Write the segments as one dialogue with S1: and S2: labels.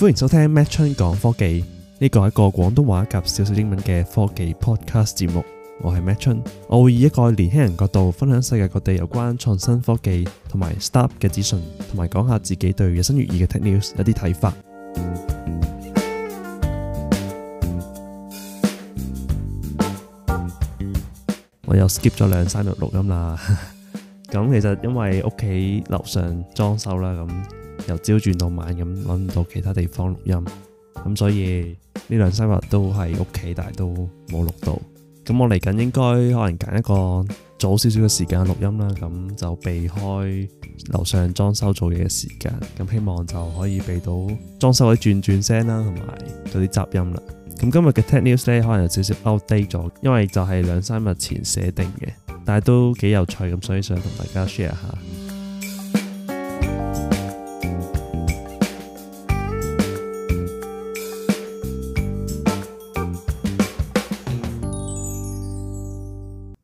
S1: 歡迎收聽麥春講科技，呢個係一個廣東話及少少英文嘅科技 podcast 節目。我係麥春，我會以一個年輕人角度分享世界各地有關創新科技同埋 startup 嘅資訊，同埋講下自己對日新月異嘅 tech news 一啲睇法。 我又 skip 咗兩三日錄音啦，咁 其實因為屋企樓上裝修啦，咁。由朝轉到晚咁，揾唔到其他地方錄音，咁所以呢兩三日都係屋企，但係都冇錄到。咁我嚟緊應該可能揀一個早少少嘅時間錄音啦，咁就避開樓上裝修做嘢嘅時間，咁希望就可以避到裝修嗰啲轉轉聲啦，同埋嗰啲雜音啦。咁今日嘅 tech news 呢可能有少少 outdate 咗，因為就係兩三日前寫定嘅，但係都幾有趣，咁所以想同大家 share 下。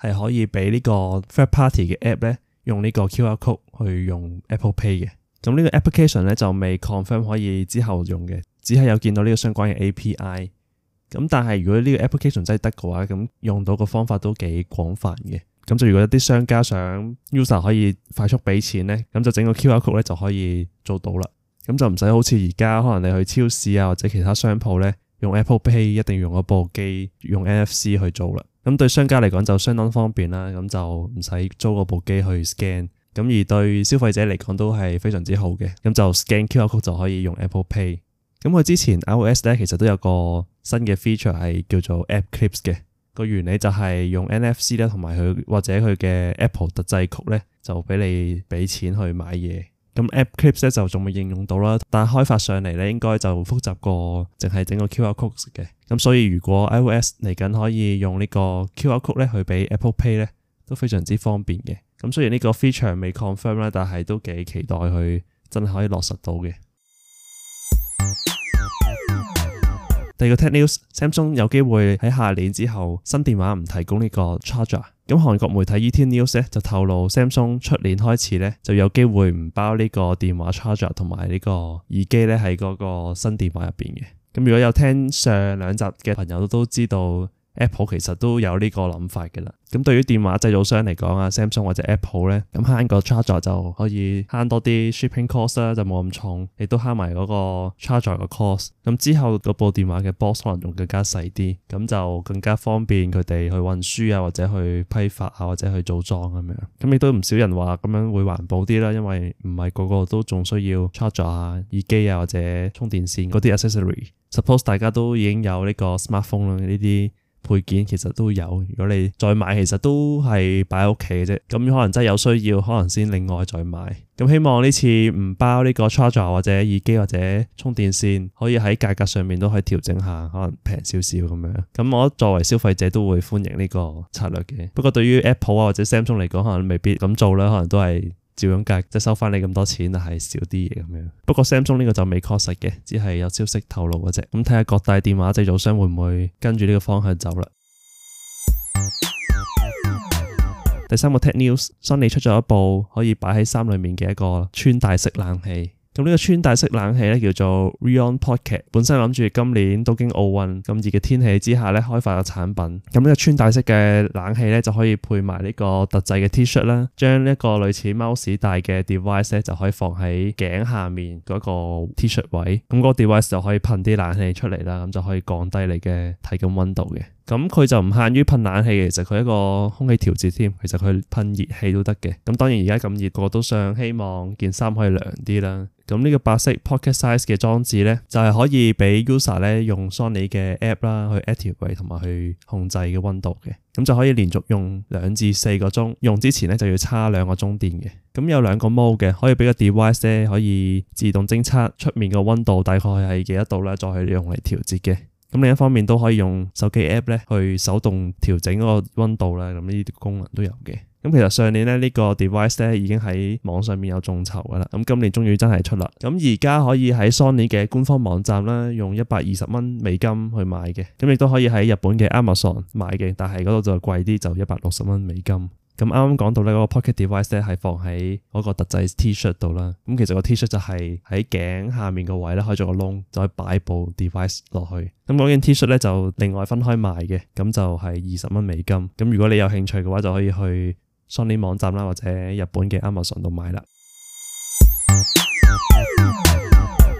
S1: 係可以畀呢個 third party 嘅 app 咧，用呢個 QR code 去用 Apple Pay 嘅。咁呢個 application 咧就未 confirm 可以之後用嘅，只係有見到呢個相關嘅 API。咁但係如果呢個 application 真係得嘅話，咁用到嘅方法都幾廣泛嘅。咁就如果一啲商家想 user 可以快速畀錢咧，咁就整個 QR code 咧就可以做到啦。咁就唔使好似而家可能你去超市啊或者其他商鋪咧，用 Apple Pay 一定用嗰部機用 NFC 去做啦。咁對商家嚟講就相當方便啦，咁就唔使租嗰部機去 scan，咁而對消費者嚟講都係非常之好嘅，咁就 scan QR code 就可以用 Apple Pay。咁佢之前 iOS 咧其實都有個新嘅 feature 係叫做 App Clips 嘅，個原理就係用 NFC 啦，同埋佢或者佢嘅 Apple 特製曲咧就俾你畀錢去買嘢。咁 App Clips 咧就仲未應用到啦，但係開發上嚟咧應該就複雜過淨係整個 QR code 嘅。咁所以如果 iOS 嚟緊可以用呢個 QR code 咧去俾 Apple Pay 咧都非常之方便嘅。咁雖然呢個 feature 未 confirm 啦，但係都幾期待佢真係可以落實到嘅。 第二個 Tech News，Samsung 有機會喺下年之後新電話唔提供呢個 charger。咁韓國媒體 ET News 咧就透露，Samsung 出年開始咧就有機會唔包呢個電話 charger 同埋呢個耳機咧，喺嗰個新電話入邊嘅。咁如果有聽上兩集嘅朋友都知道。Apple 其實都有呢個諗法嘅啦。咁對於電話製造商嚟講啊，Samsung 或者 Apple 咧，咁慳個 charger 就可以慳多啲 shipping cost 啦，就冇咁重，亦都慳埋嗰個 charger 個 cost。咁之後嗰部電話嘅 box 可能仲更加細啲，咁就更加方便佢哋去運輸啊，或者去批發啊，或者去組裝咁樣。咁亦都唔少人話咁樣會環保啲啦，因為唔係個個都仲需要 charger 啊、耳機啊或者充電線嗰啲 accessory。Suppose 大家都已經有呢個 smartphone 啦，呢啲。配件其實都有，如果你再買，其實都係擺喺屋企嘅啫。咁可能真係有需要，可能先另外再買。咁希望呢次唔包呢個 charger 或者耳機或者充電線，可以喺價格上面都可以調整下，可能平少少咁樣。咁我作為消費者都會歡迎呢個策略嘅。不過對於 Apple 啊或者 Samsung 嚟講，可能未必咁做啦，可能都係。照樣計，即收返你咁多錢，係少啲嘢咁樣。不過 Samsung 呢個就未確實嘅，只係有消息透露啫。咁睇下各大電話製造商會唔會跟住呢個方向走啦。 第三個 Tech News，Sony 出咗一部可以擺喺衫裡面嘅一個穿戴式冷氣。咁呢個穿戴式冷氣咧叫做 Reon Pocket，本身諗住今年東京奧運咁熱嘅天氣之下咧，開發個產品。咁呢個穿戴式嘅冷氣咧就可以配埋呢個特製嘅 T 恤啦，將呢一個類似貓屎帶嘅 device 咧就可以放喺頸下面嗰個 T 恤位，咁嗰個 device 就可以噴啲冷氣出嚟啦，咁就可以降低你嘅體感溫度嘅。咁佢就唔限於噴冷氣，其實佢一個空氣調節添。其實佢噴熱氣都得嘅。咁當然而家咁熱，個個都想希望件衫可以涼啲啦。咁呢個白色 pocket size 嘅裝置咧，就係可以畀 user 咧用 Sony 嘅 app 啦，去 activate 同埋去控制嘅温度嘅。咁就可以連續用兩至四個鐘，用之前咧就要插兩個鐘電嘅。咁有兩個 mode 嘅，可以畀個 device 咧可以自動偵測出面個温度大概係幾多度啦，再去用嚟調節嘅。咁另一方面都可以用手機 app 咧去手動調整嗰個温度啦，咁呢啲功能都有嘅。咁其實上年咧呢個 device 咧已經喺網上面有眾籌噶啦，咁今年終於真係出啦。咁而家可以喺 Sony 嘅官方網站啦，用一百二十蚊美金去買嘅，咁亦都可以喺日本嘅 Amazon 買嘅，但係嗰度就貴啲，就一百六十蚊美金。咁啱啱講到呢，嗰個 pocket device 呢，係放喺嗰個特製 T-shirt 度啦。咁其實個 T-shirt 就係喺頸下面個位呢，開咗個窿，就可以擺部 device 落去。咁嗰件 T-shirt 呢，就另外分開賣嘅，咁就係二十蚊美金。咁如果你有興趣嘅話，就可以去 Sony 網站啦，或者日本嘅 Amazon 度買啦。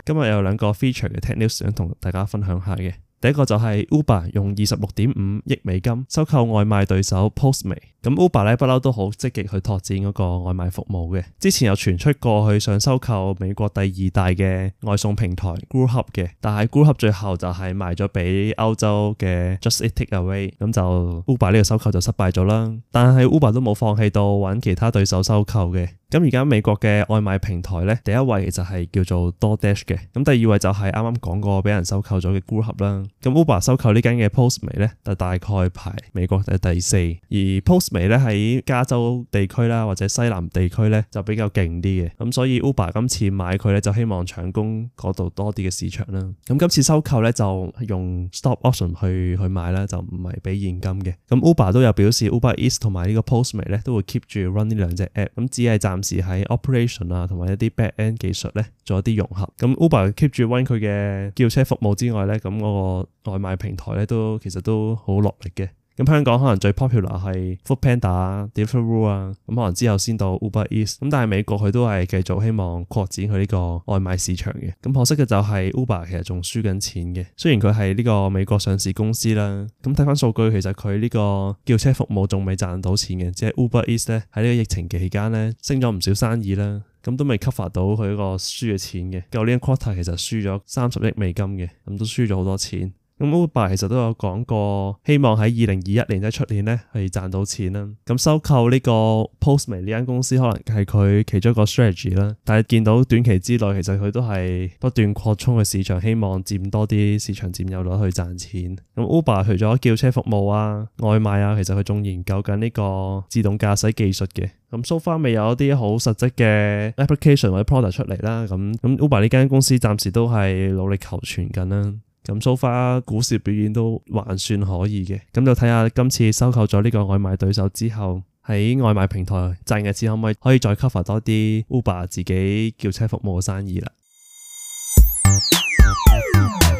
S1: 今日有兩個 feature 嘅 tech news 想同大家分享下嘅，第一個就係 Uber 用二十六點五億美金收購外賣對手 Postmates。咁 Uber 咧不嬲都好積極去拓展嗰個外賣服務嘅，之前又傳出過佢想收購美國第二大嘅外送平台 Grubhub 嘅，但係 Grubhub 最後就係賣咗俾歐洲嘅 Just Eat Takeaway，咁就 Uber 呢個收購就失敗咗啦。但係 Uber 都冇放棄到揾其他對手收購嘅。咁而家美國嘅外賣平台咧，第一位就係叫做 DoorDash 嘅，咁第二位就係啱啱講過俾人收購咗嘅 Grubhub 啦。咁 Uber 收購呢間嘅 Postmate 咧，就大概排美國第第四，而 Post 未咧喺加州地區啦，或者西南地區咧就比較勁啲嘅，咁所以 Uber 今次買佢咧就希望搶攻嗰度多啲嘅市場啦。咁今次收購咧就用 stop option 去去買啦，就唔係俾現金嘅。咁 Uber 都有表示，Uber Eats 同埋呢個 Postmate 咧都會 keep 住 run 呢兩隻 app，咁只係暫時喺 operation 啊同埋一啲 back end 技術咧做一啲融合。咁 Uber keep 住 run 佢嘅叫車服務之外咧，咁嗰個外賣平台咧都其實都好落力嘅。咁香港可能最 popular 係 Foodpanda 啊、Deliveroo 啊，咁可能之後先到 Uber Eats。咁但係美國佢都係繼續希望擴展佢呢個外賣市場嘅。咁可惜嘅就係 Uber 其實仲輸緊錢嘅。雖然佢係呢個美國上市公司啦，咁睇翻數據其實佢呢個叫車服務仲未賺到錢嘅，即係 Uber Eats 咧喺呢個疫情期間咧升咗唔少生意啦，咁都未 cover 到佢呢個輸嘅錢嘅。舊年 quarter 其實輸咗三十億美金嘅，咁都輸咗好多錢。咁 Uber 其實都有講過，希望喺二零二一年即係出年咧係賺到錢啦。咁收購呢個 Postman 呢間公司，可能係佢其中一個 strategy 啦。但係見到短期之內，其實佢都係不斷擴充嘅市場，希望佔多啲市場佔有率去賺錢。咁 Uber 除咗叫車服務啊、外賣啊，其實佢仲研究緊呢個自動駕駛技術嘅。咁 So far 未有一啲好實質嘅 application 或者 product 出嚟啦。咁咁 Uber 呢間公司暫時都係努力求存緊啦。咁 so far 股市表現都還算可以嘅，咁就睇下今次收購咗呢個外賣對手之後，喺外賣平台賺嘅錢可唔可以可以再 cover 多啲 Uber 自己叫車服務嘅生意啦。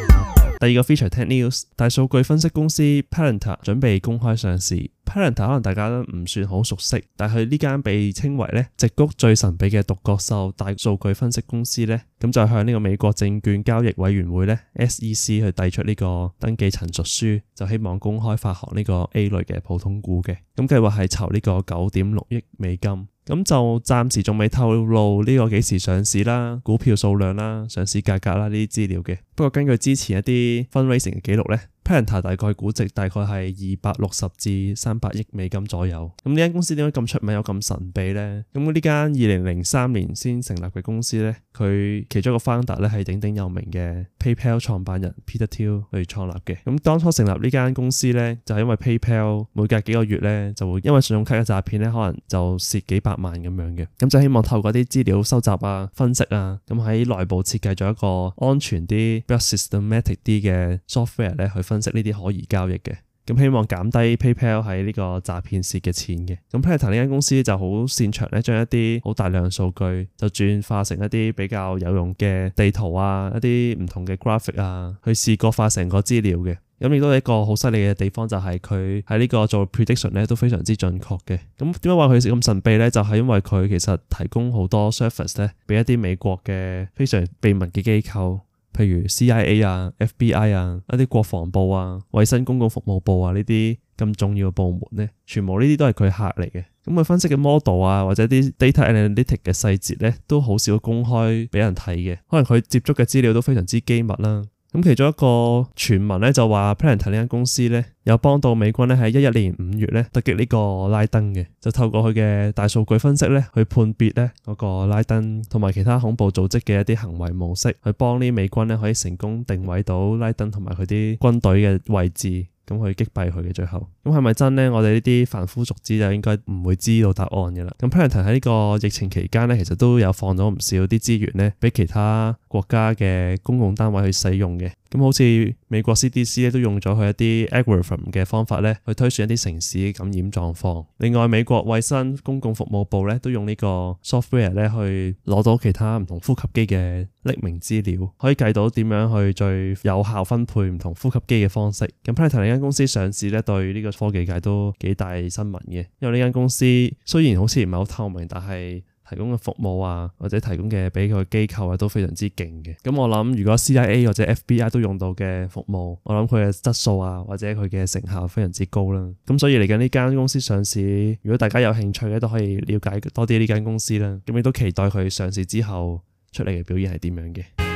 S1: 第二個 feature tech news，大數據分析公司 Palantir 準備公開上市。Palantir 可能大家都唔算好熟悉，但係佢呢間被稱為呢矽谷最神秘嘅獨角獸大數據分析公司呢，咁就向呢個美國證券交易委員會呢 SEC 去遞出呢個登記陳述書，就希望公開發行呢個 A 類嘅普通股嘅，咁計劃係籌呢個九點六億美金。咁就暫時仲未透露呢個幾時上市啦、股票數量啦、上市價格啦，呢啲資料嘅。不過根據之前一啲分 u n 嘅記錄咧。Palantir 大概估值大概係二百六十至三百億美金左右。咁呢間公司點解咁出名又咁神秘呢？咁呢間二零零三年先成立嘅公司呢，佢其中一個 founder 咧，係鼎鼎有名嘅 PayPal 創辦人 Peter Thiel 去創立嘅。咁當初成立呢間公司呢，就係、是、因為 PayPal 每隔幾個月呢就會因為信用卡嘅詐騙呢，可能就蝕幾百萬咁樣嘅。咁就希望透過啲資料收集啊、分析啊，咁喺內部設計咗一個安全啲、比較 systematic 啲嘅 software 咧去。分析呢啲可疑交易嘅，咁希望減低 PayPal 喺呢個詐騙蝕嘅錢嘅。咁 Palantir 呢間公司就好擅長咧，將一啲好大量數據就轉化成一啲比較有用嘅地圖啊，一啲唔同嘅 graphic 啊，去視覺化成個資料嘅。咁亦都係一個好犀利嘅地方，就係佢喺呢個做 prediction 咧都非常之準確嘅。咁點解話佢咁神秘咧？就係、是、因為佢其實提供好多 service 咧，俾一啲美國嘅非常秘密嘅機構。例如 CIA 啊、FBI 啊、一啲國防部啊、衛生公共服務部啊呢啲咁重要嘅部門咧，全部呢啲都係佢客嚟嘅。咁佢分析嘅 model 啊，或者啲 data analytics 嘅細節咧，都好少公開俾人睇嘅。可能佢接觸嘅資料都非常之機密啦。咁其中一個傳聞咧，就話 Palantir 呢間公司咧，有幫到美軍咧喺一一年五月咧突擊呢個拉登嘅，就透過佢嘅大數據分析咧，去判別咧嗰個拉登同埋其他恐怖組織嘅一啲行為模式，去幫呢美軍咧可以成功定位到拉登同埋佢啲軍隊嘅位置，咁去擊斃佢嘅最後。咁係咪真咧？我哋呢啲凡夫俗子就應該唔會知道答案嘅啦。咁 Palantir 喺呢個疫情期間咧，其實都有放咗唔少啲資源咧俾其他。國家嘅公共單位去使用嘅，咁好似美國 CDC 都用咗佢一啲 algorithm 嘅方法咧，去推算一啲城市感染狀況。另外，美國衞生公共服務部咧都用呢個 software 咧去攞到其他唔同呼吸機嘅匿名資料，可以計到點樣去最有效分配唔同呼吸機嘅方式。咁 Palantir 間公司上市咧，對呢個科技界都幾大新聞嘅，因為呢間公司雖然好似唔係好透明，但係，提供嘅服務啊，或者提供嘅俾佢嘅機構啊，都非常之勁嘅。咁我諗，如果 CIA 或者 FBI 都用到嘅服務，我諗佢嘅質素啊，或者佢嘅成效非常之高啦。咁所以嚟緊呢間公司上市，如果大家有興趣咧，都可以了解多啲呢間公司啦。咁亦都期待佢上市之後出嚟嘅表現係點樣嘅。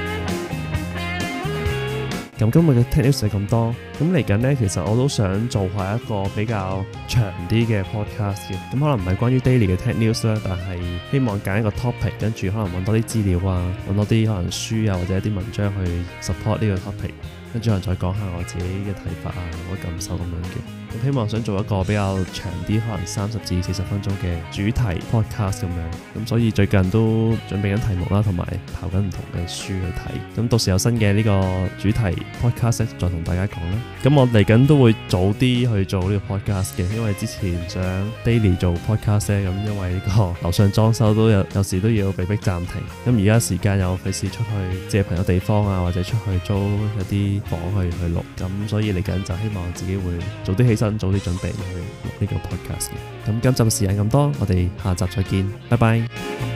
S1: 咁今日嘅 tech news 係咁多，咁嚟緊呢，其實我都想做下一個比較長啲嘅 podcast 嘅，咁可能唔係關於 daily 嘅 tech news 啦，但係希望揀一個 topic，跟住可能揾多啲資料啊，揾多啲可能書啊或者一啲文章去 support 呢個 topic。跟住再講下我自己嘅睇法啊，我嘅感受咁樣嘅。咁希望想做一個比較長啲，可能三十至四十分鐘嘅主題 podcast 咁樣。咁所以最近都準備緊題目啦，同埋刨緊唔同嘅書去睇。咁到時有新嘅呢個主題 podcast 再同大家講啦。咁我嚟緊都會早啲去做呢個 podcast 嘅，因為之前想 daily 做 podcast 咁，因為呢個樓上裝修都有，有時都要被逼暫停。咁而家時間又費事出去借朋友地方啊，或者出去租有啲房去去錄，咁所以嚟緊就希望自己會早啲起身，早啲準備去錄呢個 podcast 嘅。咁今集時間咁多，我哋下集再見，拜拜。